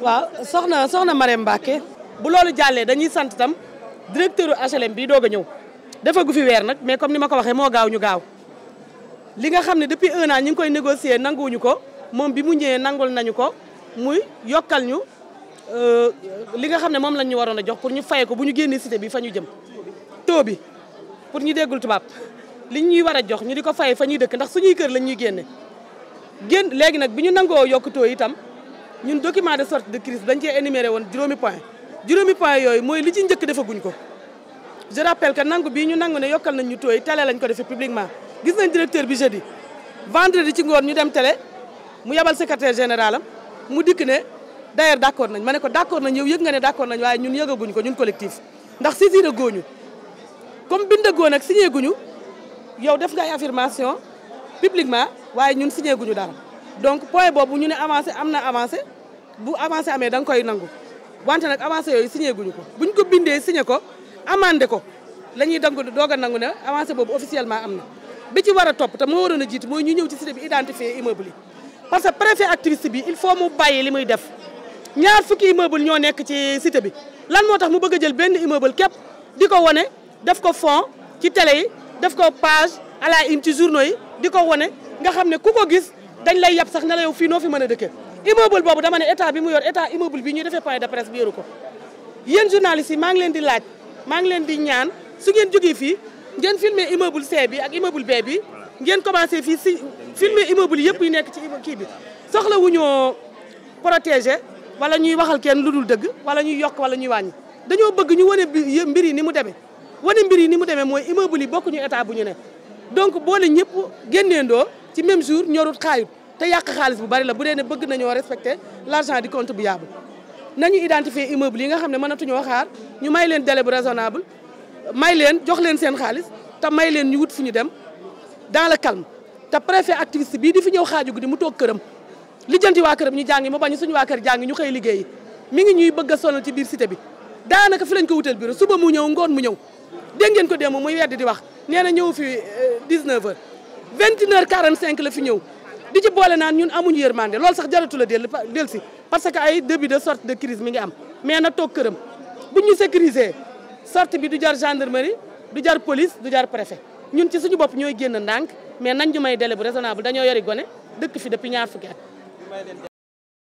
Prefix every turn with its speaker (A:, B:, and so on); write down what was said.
A: waaw soxna soxna Marème Mbacke bu loolu jàllee dañuy sant itam directeur HLM bi doog a ñëw dafa gu fi weer nag mais comme ni ma ko waxee moo gaaw ñu gaaw li nga xam ne depuis un an ngi koy négocier nanguwuñu ko moom bi mu ñëwee nangul nañu ko muy yokkal ñu euh, li nga xam ne moom lañ ñu waroon a jox pour ñu faye ko bu ñu génnee cité bi fa ñu jëm taux bi pour ñu déggul tubaab li ñuy war a jox ñu di ko faye fa ñuy dëkk ndax suñuy kër lañ ñuy génne génn léegi nag bi ñu nangoo yokk itam ñun document de sortie de crise dañ cee énuméré woon juróomi point juróomi point yooyu mooy li ci njëkk defaguñ ko je rappelle que nangu bii ñu nangu ne yokkal nañ ñu tooy télé lañ ko defee publiquement gis nañ directeur bi jeudi vendredi ci ngoon ñu dem télé mu yabal secrétaire général am mu dikk ne d'ailleurs d'accord nañ ma ne ko d'accord nañ yow yëg nga ne d'accord nañ waaye ñun yëgaguñ ko ñun collectif ndax saisir a gooñu comme bind a goon ak signé guñu yow def nga ay publiquement waaye ñun signé guñu donc point bobu ñu né avancé amna na avancé bu avancé amé dang koy nangu wante nak avancé yooyu signé guñu ko buñ ko bindé signé ko amandé ko lañuy dang dangu nangu ne avancé bobu officiellement amna bi ci wara top topp mo moo waroon a ñu ñëw ci cité bi identifier immeuble parce que préfet activiste bi il faut mu bayé limuy def ñaar fukki immeuble ño nekk ci cité bi lan motax mu bëgg a jël ben immeuble kep diko woné wane def ko fond ci télé yi def ko page à la une ci journaux yi diko woné wane nga xamné ku ko gis dañ lay yab sax ne yow fii noo fi mën a dëkke immeuble boobu dama ne état bi mu yor état immeuble bi ñuy defee point de presse bi yoru ko yéen journalistes yi maa ngi leen di laaj maa ngi leen di ñaan su ngeen jógee fii ngeen filmer immeuble C bi ak immeuble B bi ngeen commencé fii si filmer immeuble yëpp yu nekk ci kii bi soxla ñoo protéger wala ñuy waxal kenn lu dul dëgg wala ñuy yokk wala ñuy wàññi dañoo bëgg ñu wane mbir yi ni mu demee wane mbir yi ni mu demee mooy immeuble yi bokkuñu état bu ñu ne donc boole ñëpp génneendoo ci même jour ñorut xaayut te yak xaalis bu bari la bu dee ne bëgg nañoo respecter l'argent du compte contribuable nañu identifier immeuble yi nga xam ne mënatuñoo xaar ñu may leen délai bu raisonnable may leen jox leen seen xaalis te may leen ñu wut fuñu dem dans le calme te préfet activiste bi di fi ñëw xaaju guddi mu toog këram lijjanti wa kërëm ñu jàngi mo bañ suñu wa kër jàngi ñu xey liggéeyi mi ngi ñuy bëgg sonal ci biir cité bi daanaka fi lañ ko wutal bureau suba mu ñew ngoon mu ñew dégg ngeen ko démb muy wedd di wax nee na fi 19 euh, h vingt une heure quarante cinq la fi ñëw di ci boole naan ñun amuñu yërmande lool sax jaratu la dellu dellu si parce que ay début de sortie de crise mi ngi am mais na toog këram bu ñu sécuriser sortie bi du jar gendarmerie du jar police du jar préfet ñun ci suñu bopp ñooy génn ndànk mais nañ ñu may délai bu raisonnable dañoo yori gone dëkk fi depuis ñaar fukki